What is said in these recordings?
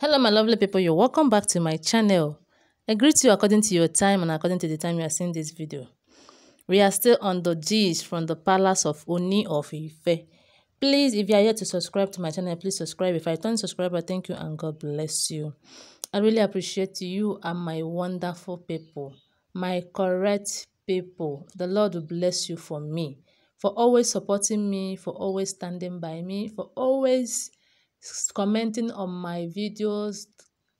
hello my lovely people you're welcome back to my channel i greet you according to your time and according to the time you are seeing this video we are still on the G's from the palace of oni of ife please if you are yet to subscribe to my channel please subscribe if i turn subscriber thank you and god bless you i really appreciate you and my wonderful people my correct people the lord will bless you for me for always supporting me for always standing by me for always commenting on my videos,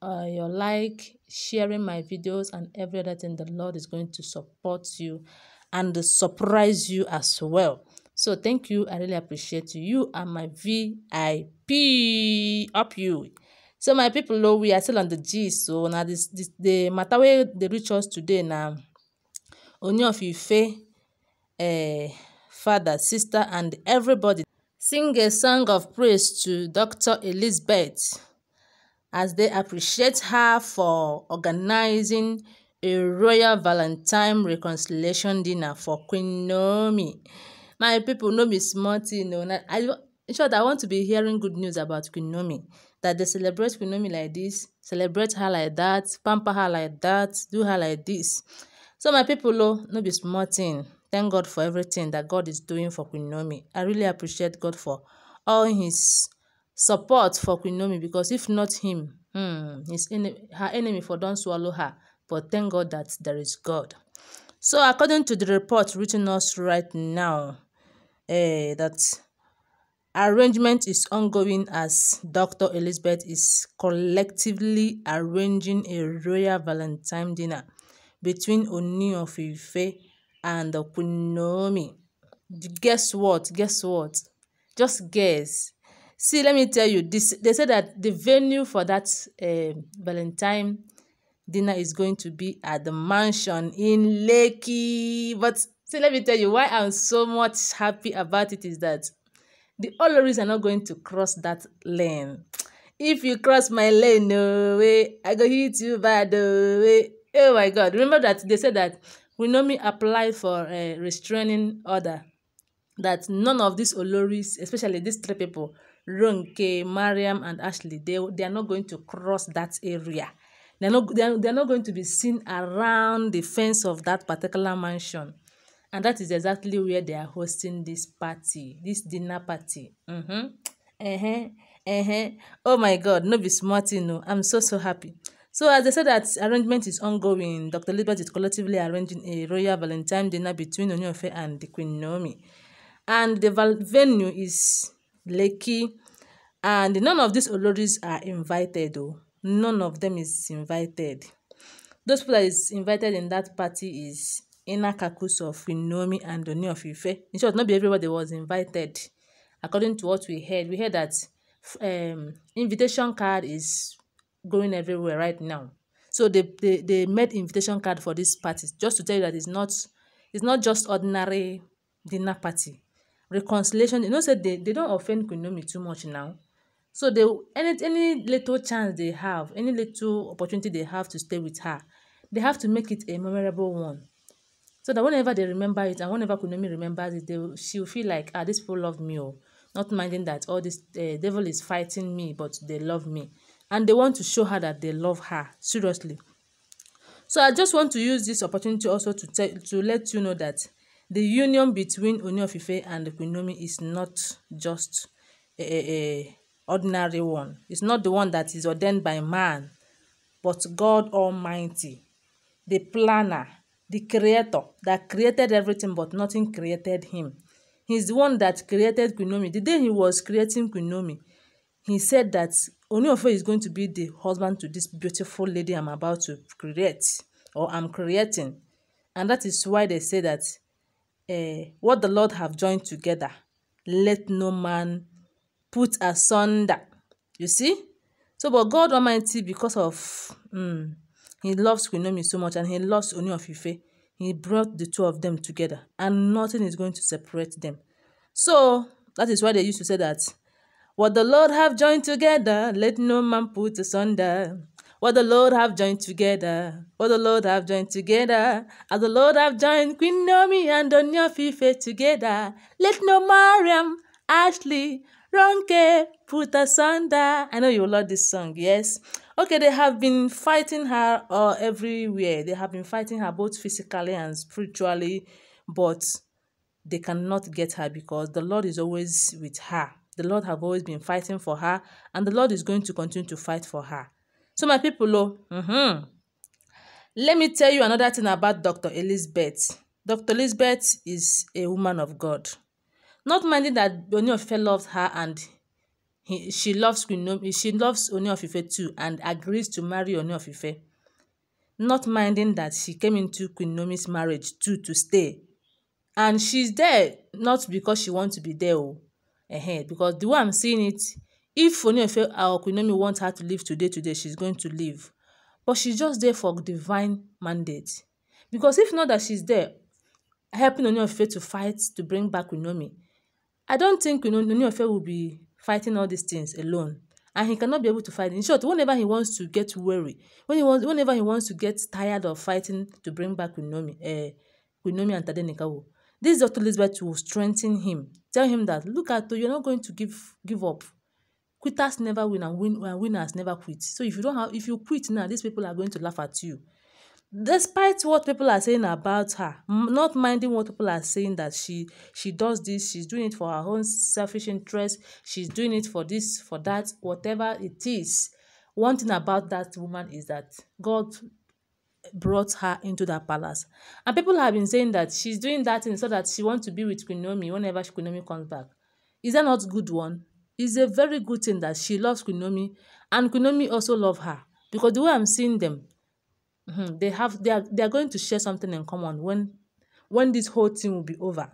uh, your like, sharing my videos, and every other thing. The Lord is going to support you and surprise you as well. So thank you. I really appreciate you. You are my VIP. Up you. So my people, oh, we are still on the G. So now this, this the matter where they reach us today now. Only of you, Faye, uh, eh, father, sister, and everybody. sing a song of praise to Dr. Elizabeth as they appreciate her for organizing a royal Valentine reconciliation dinner for Queen Nomi. My people, no be small Know No, I, in short, I want to be hearing good news about Queen Nomi. That they celebrate Queen Nomi like this, celebrate her like that, pamper her like that, do her like this. So my people, oh, no be small Thank God for everything that God is doing for Queen Naomi. I really appreciate God for all his support for Queen Naomi because if not him, hmm, his enemy, her enemy for don't swallow her. But thank God that there is God. So according to the report written us right now, eh, that arrangement is ongoing as Dr. Elizabeth is collectively arranging a royal Valentine dinner between Oni of Ife and Konami. Guess what? Guess what? Just guess. See, let me tell you, this, they said that the venue for that uh, Valentine dinner is going to be at the mansion in Lekki. But see, let me tell you why I'm so much happy about it is that the Oloris are not going to cross that lane. If you cross my lane, no way, I go hit you by the way. Oh my God. Remember that they said that Renomi applied for a eh, restraining order that none of these Oloris, especially these three people, Ronke, Mariam, and Ashley, they, they are not going to cross that area. They're not, they're, they're not going to be seen around the fence of that particular mansion. And that is exactly where they are hosting this party, this dinner party. Mm-hmm. Uh-huh. Uh-huh. Oh my God, no be smart, you know. I'm so, so happy. So as I said that arrangement is ongoing, Dr. Libert is collectively arranging a royal Valentine dinner between Onyofe and the Queen Naomi. And the venue is Lekki. And none of these Oloris are invited though. None of them is invited. Those people that is invited in that party is Inakakus of Naomi and Oni of Ife. In short, not everybody was invited. According to what we heard, we heard that um, invitation card is going everywhere right now. So they, they, they made invitation card for this party just to tell you that it's not it's not just ordinary dinner party. Reconciliation, you know, said so they, they don't offend Kunomi too much now. So they any any little chance they have, any little opportunity they have to stay with her, they have to make it a memorable one. So that whenever they remember it and whenever Kunomi remembers it, they she'll feel like ah these people love me, oh, not minding that all oh, this uh, devil is fighting me, but they love me. and they want to show her that they love her seriously so i just want to use this opportunity also to tell to let you know that the union between Ooni of and Queen is not just a, a, ordinary one it's not the one that is ordained by man but God Almighty the planner the creator that created everything but nothing created him he's the one that created Queen the day he was creating Queen he said that Oniofe is going to be the husband to this beautiful lady I'm about to create or I'm creating. And that is why they say that uh, what the Lord have joined together, let no man put asunder. You see? So, but God Almighty, because of um, He loves Queen so much and He loves Oniofe, He brought the two of them together and nothing is going to separate them. So, that is why they used to say that What the Lord have joined together, let no man put asunder. What the Lord have joined together, what the Lord have joined together, as the Lord have joined Queen Nomi and Onyofife together, let no Mariam, Ashley, Ronke, put asunder. I know you love this song, yes? okay they have been fighting her uh, everywhere they have been fighting her both physically and spiritually but they cannot get her because the lord is always with her The Lord have always been fighting for her, and the Lord is going to continue to fight for her. So my people, oh, mm-hmm. Let me tell you another thing about Dr. Elizabeth. Dr. Elizabeth is a woman of God. Not minding that Ooni loves her and he, she loves she loves Ooni too and agrees to marry Ooni Not minding that she came into Queen Naomi's marriage too to stay. And she's there not because she wants to be there. Oh. Ehen, because the way I'm seeing it, if Onyefe or Queen wants her to leave today, today, she's going to leave. But she's just there for divine mandate. Because if not that she's there, helping Onyefe to fight to bring back Queen I don't think Onyefe will be fighting all these things alone. And he cannot be able to fight. In short, whenever he wants to get weary, when he wants, whenever he wants to get tired of fighting to bring back Queen Naomi, uh, Queen and Tade Nikawo, this Dr. Elizabeth will strengthen him Tell him that, look at, you're not going to give, give up. Quitters never win and win, uh, winners never quit. So if you don't have, if you quit now, these people are going to laugh at you. Despite what people are saying about her, not minding what people are saying that she she does this, she's doing it for her own selfish interest, she's doing it for this, for that, whatever it is. One thing about that woman is that God brought her into that palace. And people have been saying that she's doing that in so that she wants to be with Kunomi whenever Kunomi comes back. Is that not good one? It's a very good thing that she loves Kunomi and Kunomi also love her. Because the way I'm seeing them, hmm, they have they are they are going to share something in common when when this whole thing will be over.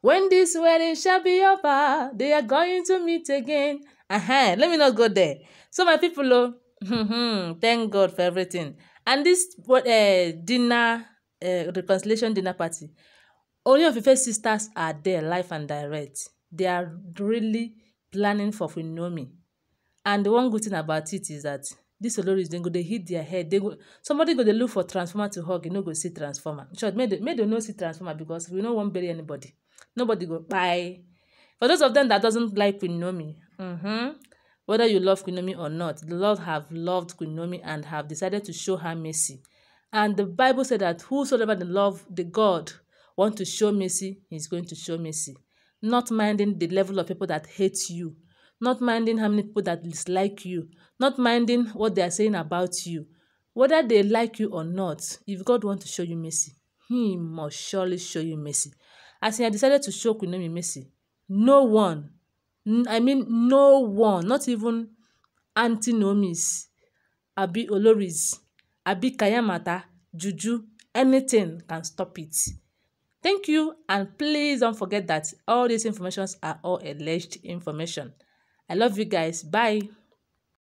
When this wedding shall be over, they are going to meet again. Uh-huh. Let me not go there. So my people, oh, hmm, hmm, thank God for everything. and this uh, dinner uh, reconciliation dinner party Only of Ife sisters are there live and direct they are really planning for Phinomi and the one good thing about it is that these oloris dem go dey hit their head they go somebody go dey look for transformer to hug you no go see transformer sure make they make they no see transformer because we no wan bury anybody nobody go kpai for those of them that doesn't like Queen Naomi mm-hmm, Whether you love Kunomi or not, the Lord have loved Kunomi and have decided to show her mercy. And the Bible said that whosoever the love the God want to show mercy, is going to show mercy. Not minding the level of people that hate you, not minding how many people that dislike you, not minding what they are saying about you. Whether they like you or not, if God want to show you mercy, he must surely show you mercy. As he had decided to show Kunomi mercy, no one I mean no one, not even antinomies àbí olories àbí kayamata, juju, anything can stop it. Thank you and please don't forget that all these informations are all alleged information. I love you guys. Bye.